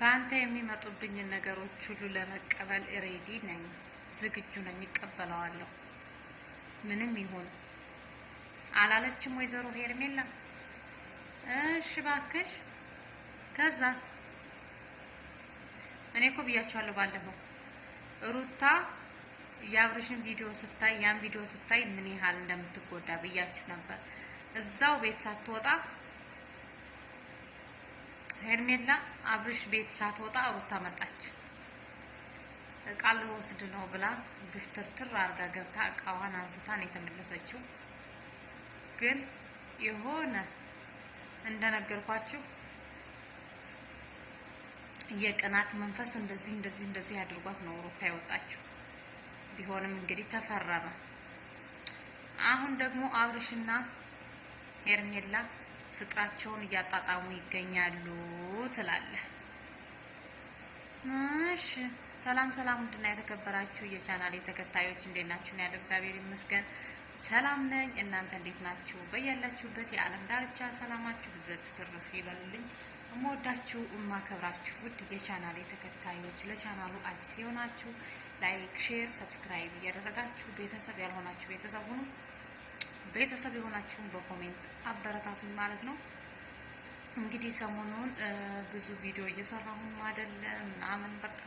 በአንተ የሚመጡብኝን ነገሮች ሁሉ ለመቀበል ሬዲ ነኝ፣ ዝግጁ ነኝ፣ ይቀበለዋለሁ። ምንም ይሁን አላለችም ወይዘሮ ሄርሜላ። እሺ ባክሽ። ከዛ እኔ እኮ ብያቸዋለሁ ባለፈው ሩታ የአብርሽን ቪዲዮ ስታይ ያን ቪዲዮ ስታይ ምን ያህል እንደምትጎዳ ብያችሁ ነበር። እዛው ቤት ሳትወጣ ሄርሜላ አብርሽ ቤት ሳትወጣ ሩታ መጣች። እቃ ልወስድ ነው ብላ ግፍትርትር አድርጋ ገብታ እቃዋን አንስታ ነው የተመለሰችው። ግን የሆነ እንደነገርኳችሁ የቅናት መንፈስ እንደዚህ እንደዚህ እንደዚህ አድርጓት ነው ሩታ የወጣችው። ቢሆንም እንግዲህ ተፈረመ። አሁን ደግሞ አብርሽና ሄርሜላ ፍቅራቸውን እያጣጣሙ ይገኛሉ ትላለህ። እሺ ሰላም ሰላም፣ እንድና የተከበራችሁ የቻናሌ ተከታዮች እንዴት ናችሁ? ነው ያለው። እግዚአብሔር ይመስገን ሰላም ነኝ። እናንተ እንዴት ናችሁ? በያላችሁበት የዓለም ዳርቻ ሰላማችሁ ብዘት ትርፍ ይበልልኝ። እምወዳችሁ እማከብራችሁ ውድ የቻናሌ ተከታዮች ለቻናሉ አዲስ የሆናችሁ ላይክ፣ ሼር፣ ሰብስክራይብ እያደረጋችሁ ቤተሰብ ያልሆናችሁ ቤተሰብ ሁኑ። ቤተሰብ የሆናችሁን በኮሜንት አበረታቱኝ ማለት ነው። እንግዲህ ሰሞኑን ብዙ ቪዲዮ እየሰራሁም አይደለ ምናምን በቃ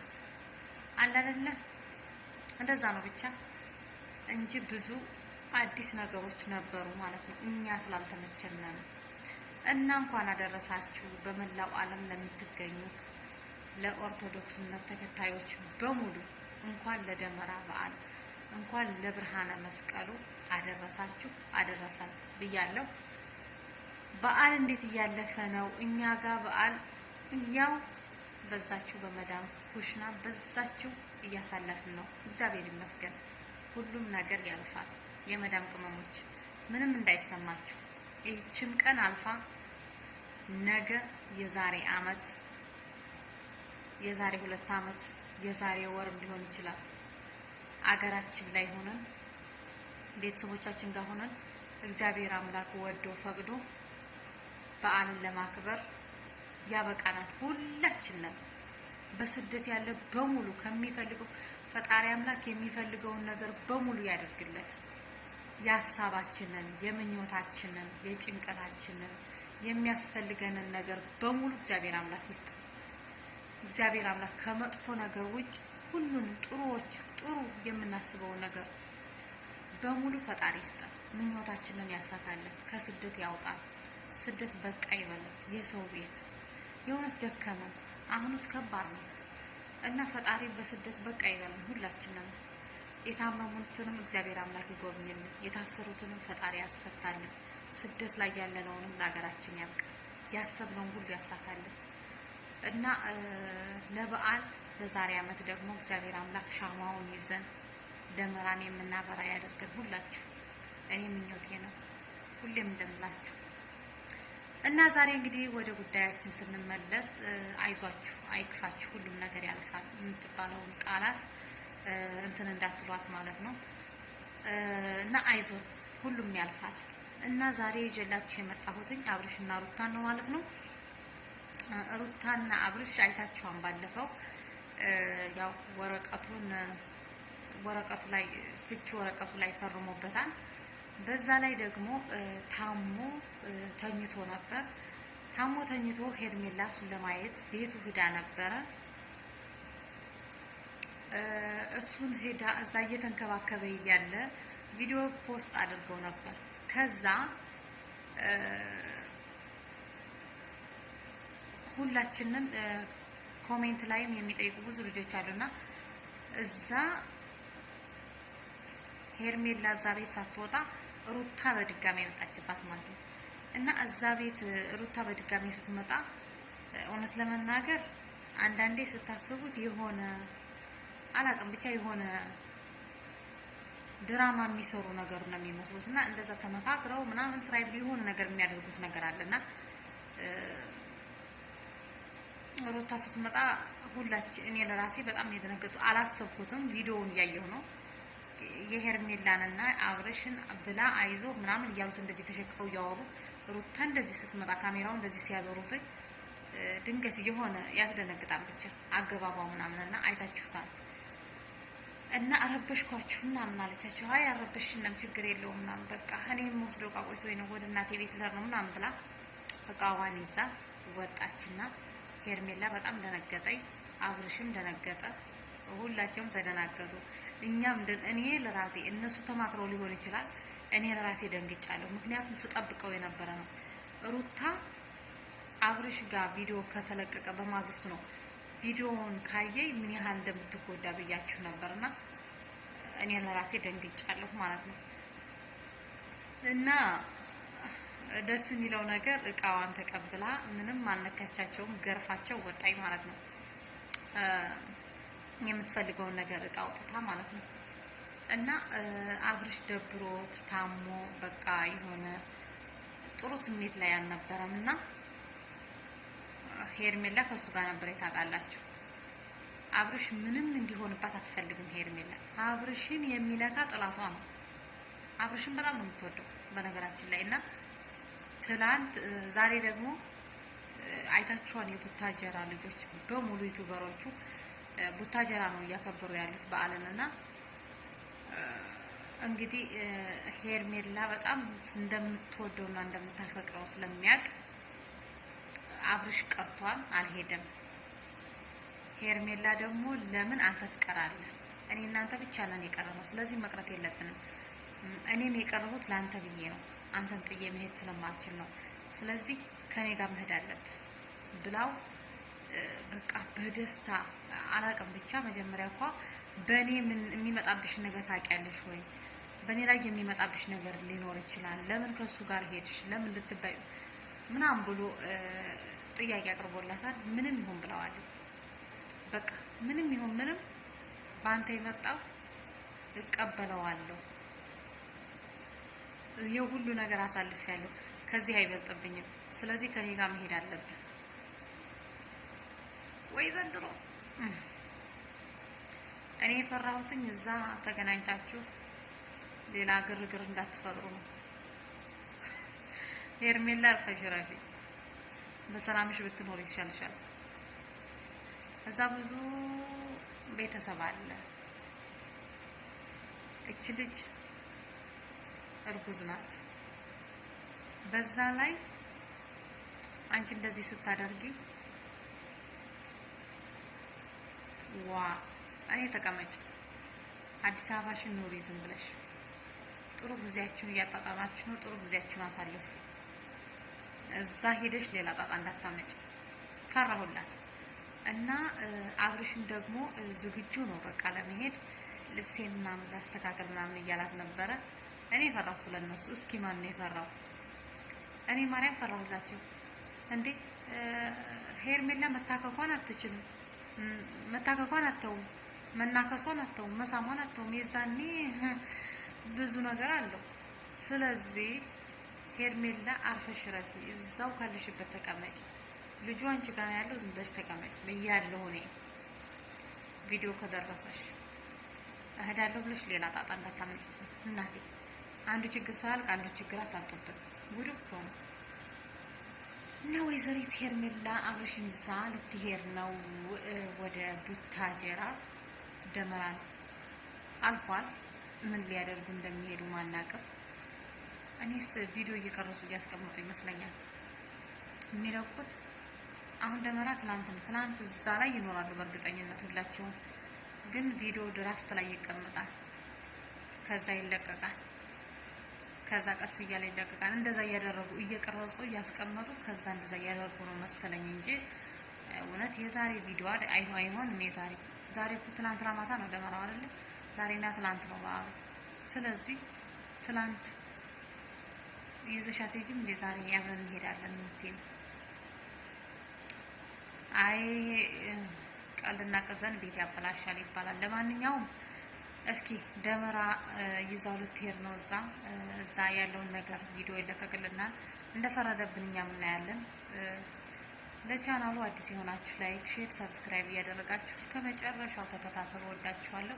አለ አይደለ እንደዛ ነው ብቻ እንጂ ብዙ አዲስ ነገሮች ነበሩ ማለት ነው። እኛ ስላልተመቸነ ነው። እና እንኳን አደረሳችሁ በመላው ዓለም ለምትገኙት ለኦርቶዶክስ እምነት ተከታዮች በሙሉ እንኳን ለደመራ በዓል እንኳን ለብርሃነ መስቀሉ አደረሳችሁ አደረሰን ብያለሁ። በዓል እንዴት እያለፈ ነው? እኛ ጋር በዓል ያው በዛችሁ በመዳም ኩሽና በዛችሁ እያሳለፍን ነው። እግዚአብሔር ይመስገን፣ ሁሉም ነገር ያልፋል። የመዳም ቅመሞች ምንም እንዳይሰማችሁ፣ ይህችም ቀን አልፋ ነገ የዛሬ አመት የዛሬ ሁለት አመት የዛሬ ወርም ሊሆን ይችላል አገራችን ላይ ሆነን ቤተሰቦቻችን ጋር ሆነን እግዚአብሔር አምላክ ወዶ ፈቅዶ በዓልን ለማክበር ያበቃናል። ሁላችንም በስደት ያለ በሙሉ ከሚፈልገው ፈጣሪ አምላክ የሚፈልገውን ነገር በሙሉ ያደርግለት። የሀሳባችንን፣ የምኞታችንን፣ የጭንቀታችንን የሚያስፈልገንን ነገር በሙሉ እግዚአብሔር አምላክ ይስጥ። እግዚአብሔር አምላክ ከመጥፎ ነገር ውጭ ሁሉንም ጥሩዎች ጥሩ የምናስበውን ነገር በሙሉ ፈጣሪ ይስጠን፣ ምኞታችንን ያሳካልን፣ ከስደት ያውጣል። ስደት በቃ ይበልን። የሰው ቤት የእውነት ደከመን። አሁንስ ከባድ ነው እና ፈጣሪ በስደት በቃ ይበልን ሁላችንም። የታመሙትንም እግዚአብሔር አምላክ ይጎብኝልን፣ የታሰሩትንም ፈጣሪ ያስፈታልን። ስደት ላይ ያለነውንም ለሀገራችን ያብቃ፣ ያሰብነውን ሁሉ ያሳካልን እና ለበዓል ለዛሬ ዓመት ደግሞ እግዚአብሔር አምላክ ሻማውን ይዘን ደመራን የምናበራ ያደርገን ሁላችሁ። እኔ ምኞቴ ነው ሁሌም እንደምላችሁ እና ዛሬ እንግዲህ ወደ ጉዳያችን ስንመለስ አይዟችሁ፣ አይክፋችሁ፣ ሁሉም ነገር ያልፋል የምትባለውን ቃላት እንትን እንዳትሏት ማለት ነው እና አይዞ ሁሉም ያልፋል እና ዛሬ ይዤላችሁ የመጣሁትኝ አብርሽና ሩታን ነው ማለት ነው። ሩታና አብርሽ አይታችኋን ባለፈው ያው ወረቀቱን ወረቀቱ ላይ ፍቺ ወረቀቱ ላይ ፈርሞበታል። በዛ ላይ ደግሞ ታሞ ተኝቶ ነበር። ታሞ ተኝቶ ሄርሜላ እሱን ለማየት ቤቱ ሂዳ ነበረ። እሱን ሄዳ እዛ እየተንከባከበ እያለ ቪዲዮ ፖስት አድርገው ነበር። ከዛ ሁላችንም ኮሜንት ላይም የሚጠይቁ ብዙ ልጆች አሉና እዛ ሄርሜላ እዛ ቤት ሳትወጣ ሩታ በድጋሚ የመጣችባት ማለት ነው። እና እዛ ቤት ሩታ በድጋሚ ስትመጣ እውነት ለመናገር አንዳንዴ ስታስቡት የሆነ አላቅም ብቻ የሆነ ድራማ የሚሰሩ ነገር ነው የሚመስሉት። እና እንደዛ ተመካክረው ምናምን ስራ የሆነ ነገር የሚያደርጉት ነገር አለ እና ሩታ ስትመጣ ሁላችን እኔ ለራሴ በጣም የደነገጡ አላሰብኩትም። ቪዲዮውን እያየሁ ነው የሄርሜላንና አብረሽን ብላ አይዞ ምናምን እያሉት እንደዚህ ተሸክፈው እያወሩ ሩታ እንደዚህ ስትመጣ ካሜራው እንደዚህ ሲያዞሩት ድንገት የሆነ ያስደነግጣል። ብቻ አገባባው ምናምንና አይታችሁታል። እና አረበሽኳችሁ ምናምን አለቻቸው። አይ አረበሽንም ችግር የለውም ምናምን በቃ እኔ የምወስደው ዕቃ ወይ ነው ወደ እናቴ ቤት ነው ምናምን ብላ እቃዋን ይዛ ወጣችና ሄርሜላ በጣም ደነገጠኝ፣ አብርሽም ደነገጠ፣ ሁላቸውም ተደናገጡ። እኛም እኔ ለራሴ እነሱ ተማክረው ሊሆን ይችላል። እኔ ለራሴ ደንግጫለሁ። ምክንያቱም ስጠብቀው የነበረ ነው። ሩታ አብርሽ ጋር ቪዲዮ ከተለቀቀ በማግስቱ ነው ቪዲዮውን ካየይ ምን ያህል እንደምትጎዳ ብያችሁ ነበርና እኔ ለራሴ ደንግጫለሁ ማለት ነው። እና ደስ የሚለው ነገር እቃዋን ተቀብላ ምንም አልነካቻቸውም። ገርፋቸው ወጣኝ ማለት ነው። የምትፈልገውን ነገር እቃ አውጥታ ማለት ነው። እና አብርሽ ደብሮት ታሞ በቃ የሆነ ጥሩ ስሜት ላይ አልነበረም። እና ሄርሜላ ከሱ ጋር ነበር የታውቃላችሁ። አብርሽ ምንም እንዲሆንባት አትፈልግም ሄርሜላ። አብርሽን የሚለካ ጥላቷ ነው። አብርሽን በጣም ነው የምትወደው በነገራችን ላይ እና ትናንት ዛሬ ደግሞ አይታችኋል የቡታጀራ ልጆች በሙሉ ዩቱበሮቹ ቡታጀራ ነው እያከበሩ ያሉት በዓልን እና እንግዲህ ሄርሜላ በጣም እንደምትወደው እና እንደምታፈቅረው ስለሚያውቅ አብርሽ ቀርቷል፣ አልሄደም። ሄርሜላ ደግሞ ለምን አንተ ትቀራለህ? እኔ እናንተ ብቻ ነን የቀረነው፣ ስለዚህ መቅረት የለብንም። እኔም የቀረሁት ለአንተ ብዬ ነው፣ አንተን ጥዬ መሄድ ስለማልችል ነው። ስለዚህ ከኔ ጋር መሄድ አለብህ ብላው በቃ በደስታ አላቅም። ብቻ መጀመሪያ እኳ በእኔ ምን የሚመጣብሽ ነገር ታውቂያለሽ ወይ? በእኔ ላይ የሚመጣብሽ ነገር ሊኖር ይችላል። ለምን ከእሱ ጋር ሄድሽ? ለምን ልትባይ ምናምን ብሎ ጥያቄ አቅርቦላታል። ምንም ይሁን ብለዋል። በቃ ምንም ይሁን ምንም በአንተ የመጣው እቀበለዋለሁ። ይህ ሁሉ ነገር ያለው ከዚህ አይበልጥብኝም። ስለዚህ ከኔ ጋር መሄድ አለብን። ወይ ዘንድሮ እኔ የፈራሁትኝ እዛ ተገናኝታችሁ ሌላ ግርግር እንዳትፈጥሩ ነው። ሄርሜላ ፈሽራፊ በሰላምሽ ብትኖር ይሻልሻል። እዛ ብዙ ቤተሰብ አለ። እች ልጅ እርጉዝ ናት። በዛ ላይ አንቺ እንደዚህ ስታደርጊ ዋ እኔ ተቀመጭ አዲስ አበባሽን ኑሪ ዝም ብለሽ። ጥሩ ጊዜያችሁን እያጣጣማችሁ ነው። ጥሩ ጊዜያችሁን አሳልፉ። እዛ ሄደሽ ሌላ ጣጣ እንዳታመጭ ፈራሁላት እና አብርሽን ደግሞ ዝግጁ ነው በቃ ለመሄድ ልብሴን ምናምን ላስተካከል ምናምን እያላት ነበረ። እኔ ፈራሁ ስለነሱ። እስኪ ማን ነው የፈራው? እኔ ማርያም ፈራሁላቸው እንዴ ሄርሜላ መታከኳን አትችልም መታከኳን አተውም፣ መናከሷን አተውም፣ መሳሟን አተውም። የዛኔ ብዙ ነገር አለው። ስለዚህ ሄርሜላ አርፈሽ ረፊ፣ እዛው ካለሽበት ተቀመጭ። ልጁ አንቺ ጋር ያለው ዝም ብለሽ ተቀመጭ ብያለሁ እኔ። ቪዲዮ ከደረሰሽ እሄዳለሁ ብለሽ ሌላ ጣጣ እንዳታመጭ እናቴ። አንዱ ችግር ሳያልቅ አንዱ ችግር አታልቅበት። ጉድ እኮ ነው። እና ወይዘሪት ሄርሜላ አብርሽን ይዛ ልትሄድ ነው ወደ ቡታጀራ። ደመራን አልፏል። ምን ሊያደርጉ እንደሚሄዱ ማናቅም። እኔስ ቪዲዮ እየቀረጹ እያስቀመጡ ይመስለኛል የሚለቁት። አሁን ደመራ ትናንት ነው። ትናንት እዛ ላይ ይኖራሉ በእርግጠኝነት ሁላቸውም። ግን ቪዲዮ ድራፍት ላይ ይቀመጣል፣ ከዛ ይለቀቃል። ከዛ ቀስ እያለ ይለቀቃል። እንደዛ እያደረጉ እየቀረጹ እያስቀመጡ ከዛ እንደዛ እያደረጉ ነው መሰለኝ እንጂ እውነት የዛሬ ቪዲዮ አይሆን አይሆንም። የዛሬ ዛሬ እኮ ትላንትና ማታ ነው ደመራው አይደለ? ዛሬና ትላንት ነው በዓሉ። ስለዚህ ትላንት ይዘሻት ሂጂም እንደ ዛሬ አብረን እንሄዳለን የምትይኝ አይ ቀልድና ቅዘን ቤት ያበላሻል ይባላል። ለማንኛውም እስኪ ደመራ ይዛው ልትሄድ ነው። እዛ እዛ ያለውን ነገር ቪዲዮ ይለቀቅልናል። እንደፈረደብን እኛም እናያለን። ለቻናሉ አዲስ የሆናችሁ ላይክ፣ ሼር፣ ሰብስክራይብ እያደረጋችሁ እስከ መጨረሻው ተከታተሉ። ወዳችኋለሁ።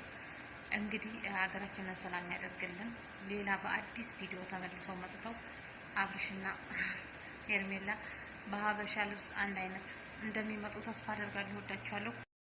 እንግዲህ ሀገራችንን ሰላም ያደርግልን። ሌላ በአዲስ ቪዲዮ ተመልሰው መጥተው አብርሽና ሄርሜላ በሀበሻ ልብስ አንድ አይነት እንደሚመጡ ተስፋ አደርጋለሁ። ወዳችኋለሁ።